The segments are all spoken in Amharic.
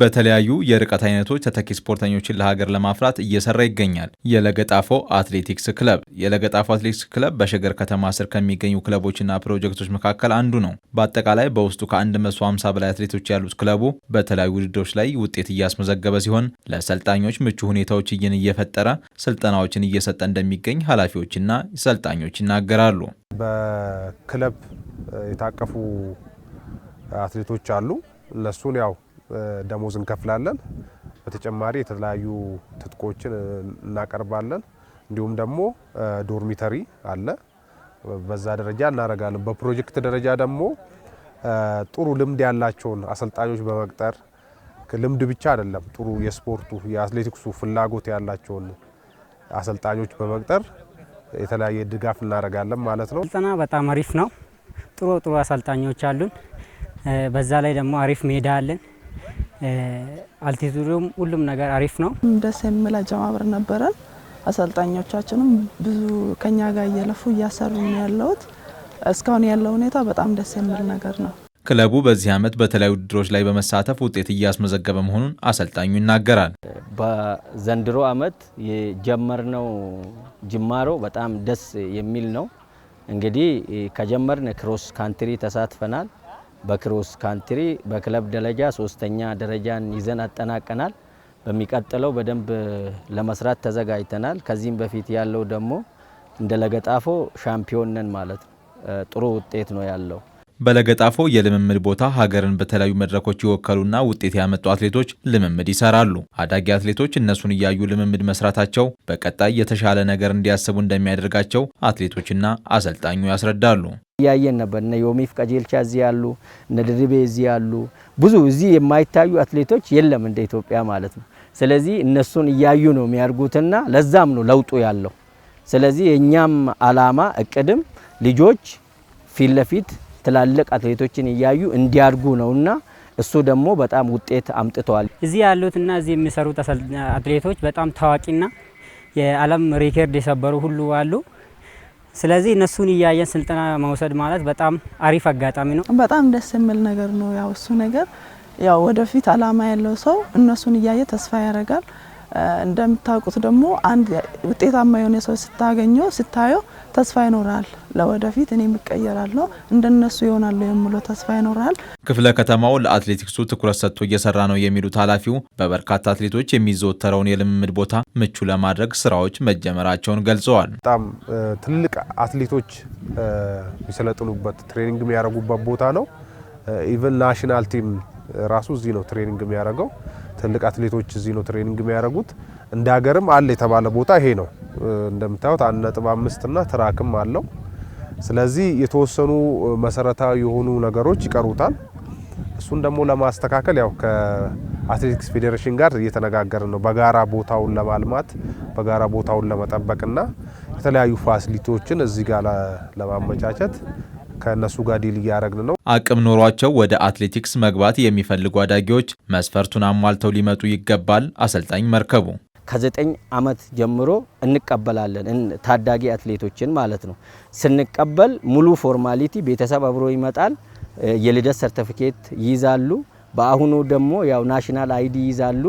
በተለያዩ የርቀት አይነቶች ተተኪ ስፖርተኞችን ለሀገር ለማፍራት እየሰራ ይገኛል። የለገጣፎ አትሌቲክስ ክለብ የለገጣፎ አትሌቲክስ ክለብ በሸገር ከተማ ስር ከሚገኙ ክለቦችና ፕሮጀክቶች መካከል አንዱ ነው። በአጠቃላይ በውስጡ ከ150 በላይ አትሌቶች ያሉት ክለቡ በተለያዩ ውድድሮች ላይ ውጤት እያስመዘገበ ሲሆን ለሰልጣኞች ምቹ እይን እየፈጠረ ስልጠናዎችን እየሰጠ እንደሚገኝ ኃላፊዎችና ሰልጣኞች ይናገራሉ። በክለብ የታቀፉ አትሌቶች አሉ። ለሱን ያው ደሞዝ እንከፍላለን። በተጨማሪ የተለያዩ ትጥቆችን እናቀርባለን። እንዲሁም ደግሞ ዶርሚተሪ አለ። በዛ ደረጃ እናደርጋለን። በፕሮጀክት ደረጃ ደግሞ ጥሩ ልምድ ያላቸውን አሰልጣኞች በመቅጠር ልምድ ብቻ አይደለም፣ ጥሩ የስፖርቱ የአትሌቲክሱ ፍላጎት ያላቸውን አሰልጣኞች በመቅጠር የተለያየ ድጋፍ እናደርጋለን ማለት ነው። ስልጠና በጣም አሪፍ ነው። ጥሩ ጥሩ አሰልጣኞች አሉን። በዛ ላይ ደግሞ አሪፍ ሜዳ አለን። አልቲቱዱም ሁሉም ነገር አሪፍ ነው። ደስ የሚል አጀማመር ነበረን። አሰልጣኞቻችንም ብዙ ከኛ ጋር እየለፉ እያሰሩ ነው ያለውት። እስካሁን ያለው ሁኔታ በጣም ደስ የሚል ነገር ነው። ክለቡ በዚህ ዓመት በተለያዩ ውድድሮች ላይ በመሳተፍ ውጤት እያስመዘገበ መሆኑን አሰልጣኙ ይናገራል። በዘንድሮ ዓመት የጀመርነው ጅማሮ በጣም ደስ የሚል ነው። እንግዲህ ከጀመርን ክሮስ ካንትሪ ተሳትፈናል። በክሮስ ካንትሪ በክለብ ደረጃ ሶስተኛ ደረጃን ይዘን አጠናቀናል። በሚቀጥለው በደንብ ለመስራት ተዘጋጅተናል። ከዚህም በፊት ያለው ደግሞ እንደ ለገጣፎ ሻምፒዮን ነን ማለት ነው። ጥሩ ውጤት ነው ያለው። በለገጣፎ የልምምድ ቦታ ሀገርን በተለያዩ መድረኮች ይወከሉና ውጤት ያመጡ አትሌቶች ልምምድ ይሰራሉ። አዳጊ አትሌቶች እነሱን እያዩ ልምምድ መስራታቸው በቀጣይ የተሻለ ነገር እንዲያስቡ እንደሚያደርጋቸው አትሌቶችና አሰልጣኙ ያስረዳሉ። እያየን ነበር። እነ ዮሚፍ ቀጀልቻ እዚህ ያሉ፣ እነ ድርቤ እዚህ ያሉ፣ ብዙ እዚህ የማይታዩ አትሌቶች የለም እንደ ኢትዮጵያ ማለት ነው። ስለዚህ እነሱን እያዩ ነው የሚያድጉትና ለዛም ነው ለውጡ ያለው። ስለዚህ የእኛም አላማ እቅድም ልጆች ፊት ለፊት ትላልቅ አትሌቶችን እያዩ እንዲያድጉ ነውና እሱ ደግሞ በጣም ውጤት አምጥተዋል። እዚህ ያሉትና እዚህ የሚሰሩ አትሌቶች በጣም ታዋቂና የዓለም ሪከርድ የሰበሩ ሁሉ አሉ። ስለዚህ እነሱን እያየን ስልጠና መውሰድ ማለት በጣም አሪፍ አጋጣሚ ነው። በጣም ደስ የሚል ነገር ነው። ያው እሱ ነገር ያው ወደፊት አላማ ያለው ሰው እነሱን እያየ ተስፋ ያደርጋል። እንደምታውቁት ደግሞ አንድ ውጤታማ የሆነ ሰው ስታገኘው ስታየው ተስፋ ይኖራል። ለወደፊት እኔ የሚቀየራለሁ እንደነሱ ይሆናል የምለው ተስፋ ይኖራል። ክፍለ ከተማው ለአትሌቲክሱ ትኩረት ሰጥቶ እየሰራ ነው የሚሉት ኃላፊው በበርካታ አትሌቶች የሚዘወተረውን የልምምድ ቦታ ምቹ ለማድረግ ስራዎች መጀመራቸውን ገልጸዋል። በጣም ትልልቅ አትሌቶች የሚሰለጥኑበት ትሬኒንግ የሚያደርጉበት ቦታ ነው። ኢቨን ናሽናል ቲም ራሱ እዚህ ነው ትሬኒንግ የሚያደርገው ትልቅ አትሌቶች እዚህ ነው ትሬኒንግ የሚያደርጉት። እንደ ሀገርም አለ የተባለ ቦታ ይሄ ነው። እንደምታዩት አንድ ነጥብ አምስት እና ትራክም አለው። ስለዚህ የተወሰኑ መሰረታዊ የሆኑ ነገሮች ይቀሩታል። እሱን ደግሞ ለማስተካከል ያው ከአትሌቲክስ ፌዴሬሽን ጋር እየተነጋገርን ነው፣ በጋራ ቦታውን ለማልማት በጋራ ቦታውን ለመጠበቅና የተለያዩ ፋሲሊቲዎችን እዚህ ጋር ለማመቻቸት ከእነሱ ጋር ዲል እያደረግን ነው። አቅም ኖሯቸው ወደ አትሌቲክስ መግባት የሚፈልጉ አዳጊዎች መስፈርቱን አሟልተው ሊመጡ ይገባል። አሰልጣኝ መርከቡ ከዘጠኝ አመት ጀምሮ እንቀበላለን ታዳጊ አትሌቶችን ማለት ነው። ስንቀበል ሙሉ ፎርማሊቲ ቤተሰብ አብሮ ይመጣል። የልደት ሰርተፊኬት ይይዛሉ። በአሁኑ ደግሞ ያው ናሽናል አይዲ ይይዛሉ።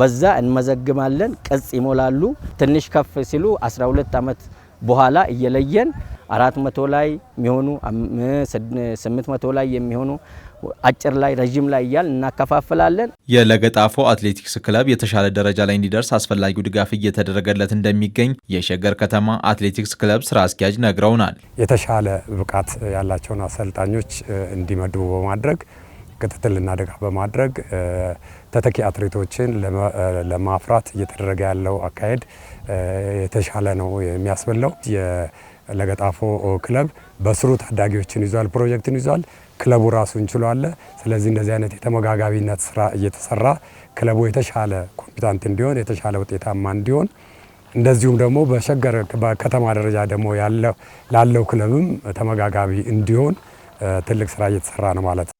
በዛ እንመዘግማለን። ቅጽ ይሞላሉ። ትንሽ ከፍ ሲሉ 12 ዓመት በኋላ እየለየን አራት መቶ ላይ የሚሆኑ ስምንት መቶ ላይ የሚሆኑ አጭር ላይ ረዥም ላይ እያል እናከፋፍላለን። የለገጣፎ አትሌቲክስ ክለብ የተሻለ ደረጃ ላይ እንዲደርስ አስፈላጊው ድጋፍ እየተደረገለት እንደሚገኝ የሸገር ከተማ አትሌቲክስ ክለብ ስራ አስኪያጅ ነግረውናል። የተሻለ ብቃት ያላቸውን አሰልጣኞች እንዲመድቡ በማድረግ ክትትልና ድጋፍ በማድረግ ተተኪ አትሌቶችን ለማፍራት እየተደረገ ያለው አካሄድ የተሻለ ነው የሚያስብለው ለገጣፎ ክለብ በስሩ ታዳጊዎችን ይዟል፣ ፕሮጀክትን ይዟል። ክለቡ ራሱን እንችሏለ። ስለዚህ እንደዚህ አይነት የተመጋጋቢነት ስራ እየተሰራ ክለቡ የተሻለ ኮምፒታንት እንዲሆን የተሻለ ውጤታማ እንዲሆን እንደዚሁም ደግሞ በሸገር በከተማ ደረጃ ደግሞ ላለው ክለብም ተመጋጋቢ እንዲሆን ትልቅ ስራ እየተሰራ ነው ማለት ነው።